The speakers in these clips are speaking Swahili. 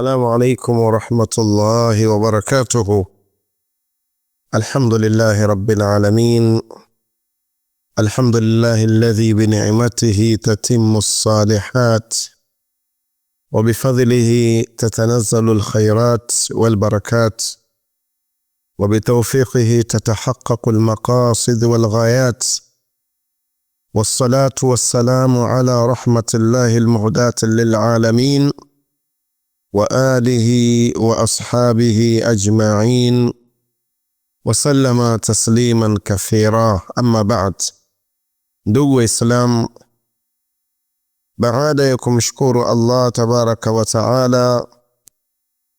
السلام عليكم ورحمة الله وبركاته الحمد لله رب العالمين الحمد لله الذي بنعمته تتم الصالحات وبفضله تتنزل الخيرات والبركات وبتوفيقه تتحقق المقاصد والغايات والصلاة والسلام على رحمة الله المهداة للعالمين wa alihi wa ashabihi ajma'in wa sallama tasliman kathira, amma ba'd. Ndugu Waislamu, baada ya kumshukuru Allah tabaraka wa taala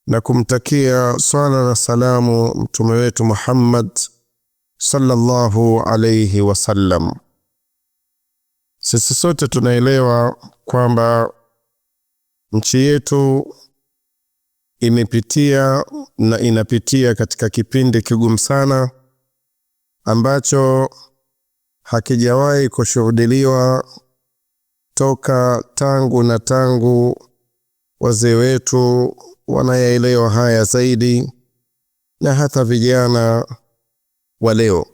na kumtakia swala na salamu mtume wetu Muhammad sallallahu alayhi wasallam, sisi sote tunaelewa kwamba nchi yetu imepitia na inapitia katika kipindi kigumu sana ambacho hakijawahi kushuhudiliwa toka tangu na tangu wazee wetu wanayaelewa haya zaidi na hata vijana wa leo.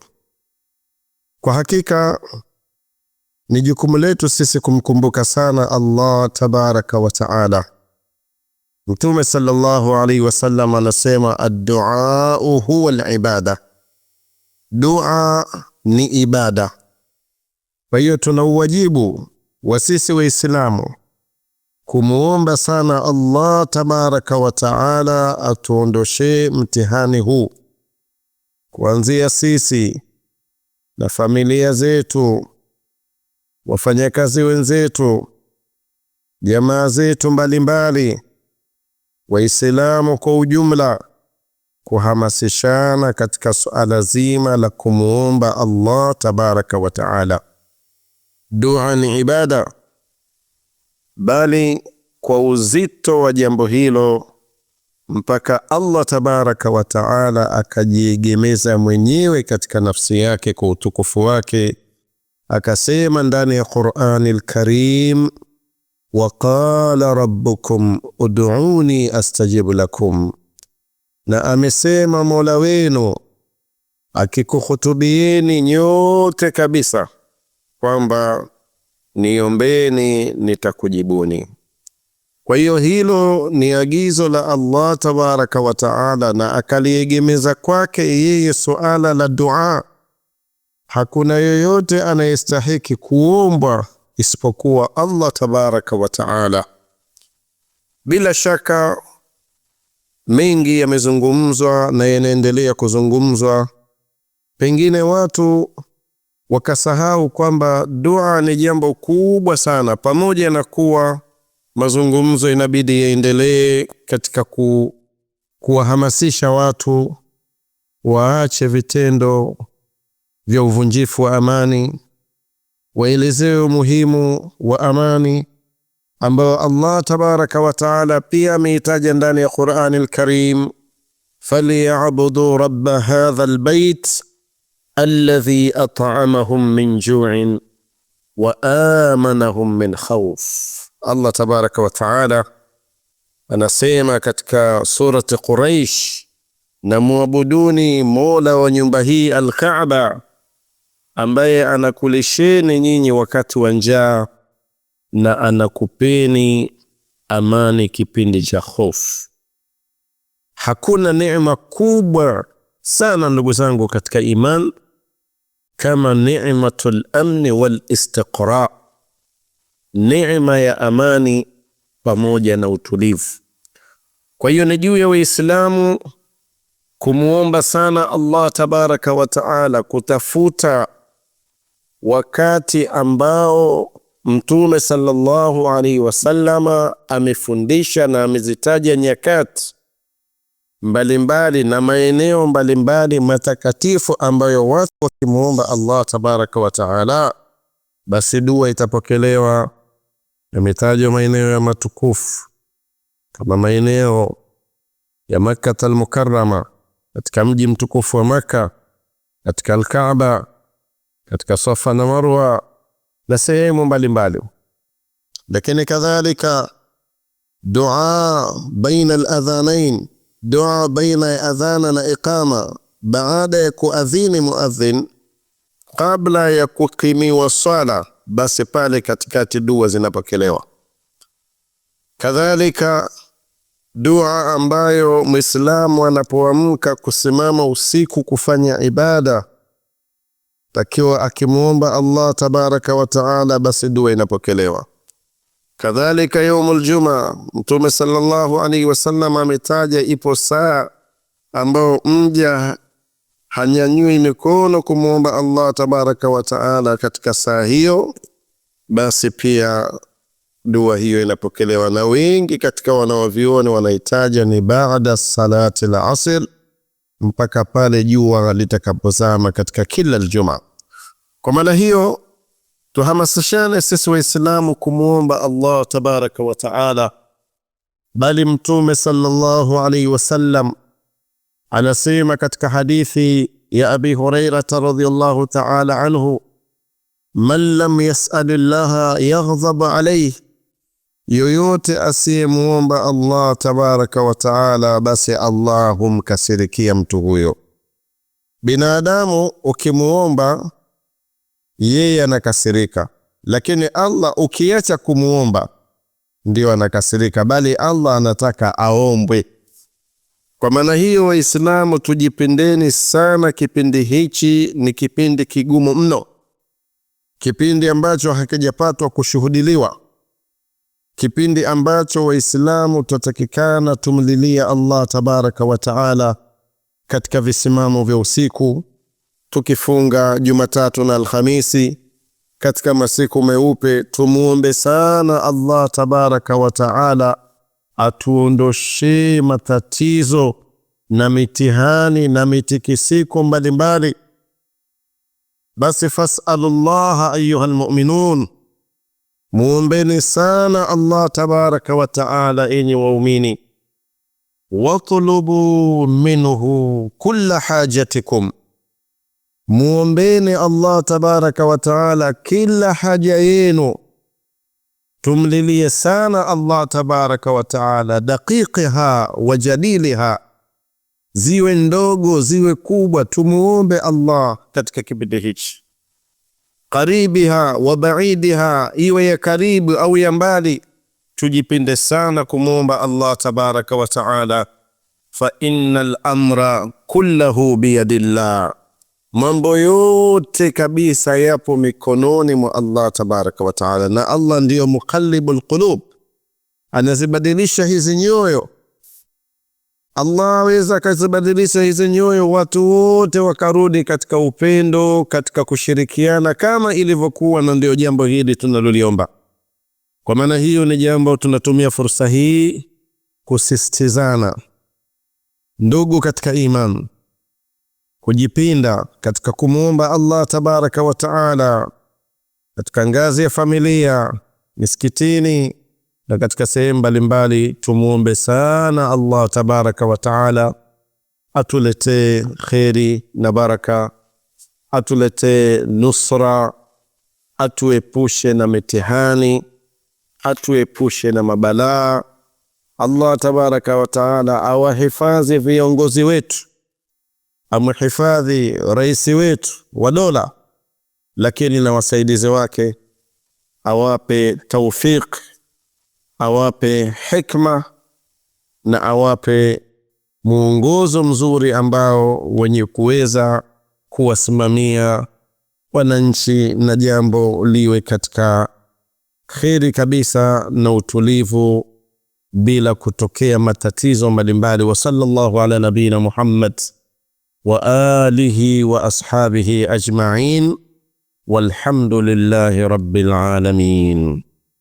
Kwa hakika ni jukumu letu sisi kumkumbuka sana Allah tabaraka wa taala Mtume sallallahu alaihi wasallam anasema adduau huwa alibada, dua ni ibada. Kwa hiyo tuna uwajibu wa sisi Waislamu kumuomba sana Allah tabaraka wa taala atuondoshee mtihani huu, kuanzia sisi na familia zetu, wafanyakazi wenzetu, jamaa zetu mbalimbali mbali. Waislamu kwa ujumla kuhamasishana katika suala zima la kumuomba Allah tabaraka wa taala. Dua ni ibada, bali kwa uzito wa jambo hilo mpaka Allah tabaraka wa taala akajiegemeza mwenyewe katika nafsi yake kwa utukufu wake, akasema ndani ya Qur'anil Karim qala rabbukum ud'uni astajib lakum, na amesema mola wenu akikuhutubieni nyote kabisa kwamba niombeni nitakujibuni. Kwa hiyo hilo ni agizo la Allah tabaraka wa taala, na akaliegemeza kwake yeye suala la dua. Hakuna yoyote anayestahiki kuombwa isipokuwa Allah tabaraka wa taala. Bila shaka mengi yamezungumzwa na yanaendelea kuzungumzwa, pengine watu wakasahau kwamba dua ni jambo kubwa sana, pamoja na kuwa mazungumzo inabidi yaendelee katika ku, kuwahamasisha watu waache vitendo vya uvunjifu wa amani waelezewe umuhimu wa amani ambayo Allah tabaraka wa taala pia ameitaja ndani ya Qurani lkarim falyabudu rabba hadha lbait alladhi at'amahum min ju'in wa amanahum min khawf. Allah tabaraka wa taala anasema katika surati Quraish, na muabuduni mola wa nyumba hii Alkaaba ambaye anakulisheni nyinyi wakati wa njaa na anakupeni amani kipindi cha hofu. Hakuna neema kubwa sana ndugu zangu katika iman kama ni'matul amni wal istiqra, neema ya amani pamoja na utulivu. Kwa hiyo ni juu ya Waislamu kumwomba sana Allah tabaraka wa taala kutafuta wakati ambao Mtume sallallahu alaihi wasallama amefundisha na amezitaja nyakati mbalimbali na maeneo mbalimbali matakatifu ambayo watu wakimuomba Allah tabaraka wa taala, basi dua itapokelewa. Yametajwa maeneo ya matukufu kama maeneo ya Makkah al-Mukarrama, katika mji mtukufu wa Makka, katika Al-Kaaba katika Safa na Marwa na sehemu mbalimbali, lakini kadhalika dua baina aladhanain, dua baina ya adhana na iqama, baada ya kuadhini muadhin, kabla ya kukimiwa swala, basi pale katikati dua zinapokelewa. Kadhalika dua ambayo mwislamu anapoamka kusimama usiku kufanya ibada takiwa akimwomba Allah tabaraka wa taala, basi dua inapokelewa. Kadhalika yaumul juma, Mtume sallallahu alaihi wasallam ametaja ipo saa ambao mja hanyanyui mikono kumwomba Allah tabaraka wa taala katika saa hiyo, basi pia dua hiyo inapokelewa. Na wengi katika wanaovyuoni wanahitaja ni baada salati al asr mpaka pale jua litakapozama katika kila Ijumaa. Kwa maana hiyo tuhamasishane sisi Waislamu kumwomba Allah tabaraka wa taala, bali Mtume sallallahu alaihi wasallam anasema katika hadithi ya Abi Hurairata radhiyallahu taala anhu, man lam yasali llaha yaghdhab alayhi Yoyote asiyemwomba Allah tabaraka wa taala, basi Allah humkasirikia mtu huyo. Binadamu ukimwomba yeye anakasirika, lakini Allah ukiacha kumwomba ndio anakasirika, bali Allah anataka aombwe. Kwa maana hiyo, Waislamu tujipendeni sana. Kipindi hichi ni kipindi kigumu mno, kipindi ambacho hakijapatwa kushuhudiliwa kipindi ambacho Waislamu tutatakikana tumlilia Allah tabaraka wa taala katika visimamo vya usiku, tukifunga Jumatatu na Alhamisi katika masiku meupe, tumuombe sana Allah tabaraka wa taala atuondoshee matatizo na mitihani na mitikisiko mbalimbali. Basi fasalullaha ayuha almuminun Muombeni sana Allah tabaraka wa taala, enyi waumini. Watlubu minhu kulla hajatikum, muombeni Allah tabaraka wa taala kila haja yenu. Tumlilie sana Allah tabaraka wa taala, daqiqiha wa jaliliha, ziwe ndogo ziwe kubwa, tumuombe Allah katika kipindi hichi qaribiha wa baidiha, iwe ya karibu au ya mbali. Tujipinde sana kumwomba Allah tabaraka wa taala, fa innal amra kullahu biyadillah, mambo yote kabisa yapo mikononi mwa Allah tabaraka wa taala, na Allah ndiyo muqallibul qulub, anazibadilisha hizi nyoyo Allah aweza akazibadilisha hizi nyoyo, watu wote wakarudi katika upendo, katika kushirikiana kama ilivyokuwa, na ndio jambo hili tunaloliomba. Kwa maana hiyo, ni jambo tunatumia fursa hii kusisitizana, ndugu katika iman, kujipinda katika kumwomba Allah tabaraka wa taala, katika ngazi ya familia, misikitini na katika sehemu mbalimbali tumuombe sana Allah tabaraka wa taala atuletee kheri na baraka, atuletee nusra, atuepushe na mitihani, atuepushe na mabalaa. Allah tabaraka wa taala awahifadhi viongozi wetu, amhifadhi rais wetu wa dola, lakini na wasaidizi wake awape taufiki awape hikma na awape mwongozo mzuri ambao wenye kuweza kuwasimamia wananchi na jambo liwe katika kheri kabisa na utulivu bila kutokea matatizo mbalimbali. wa sallallahu ala nabiyina Muhammad wa alihi wa ashabihi ajma'in walhamdulillahi rabbil alamin.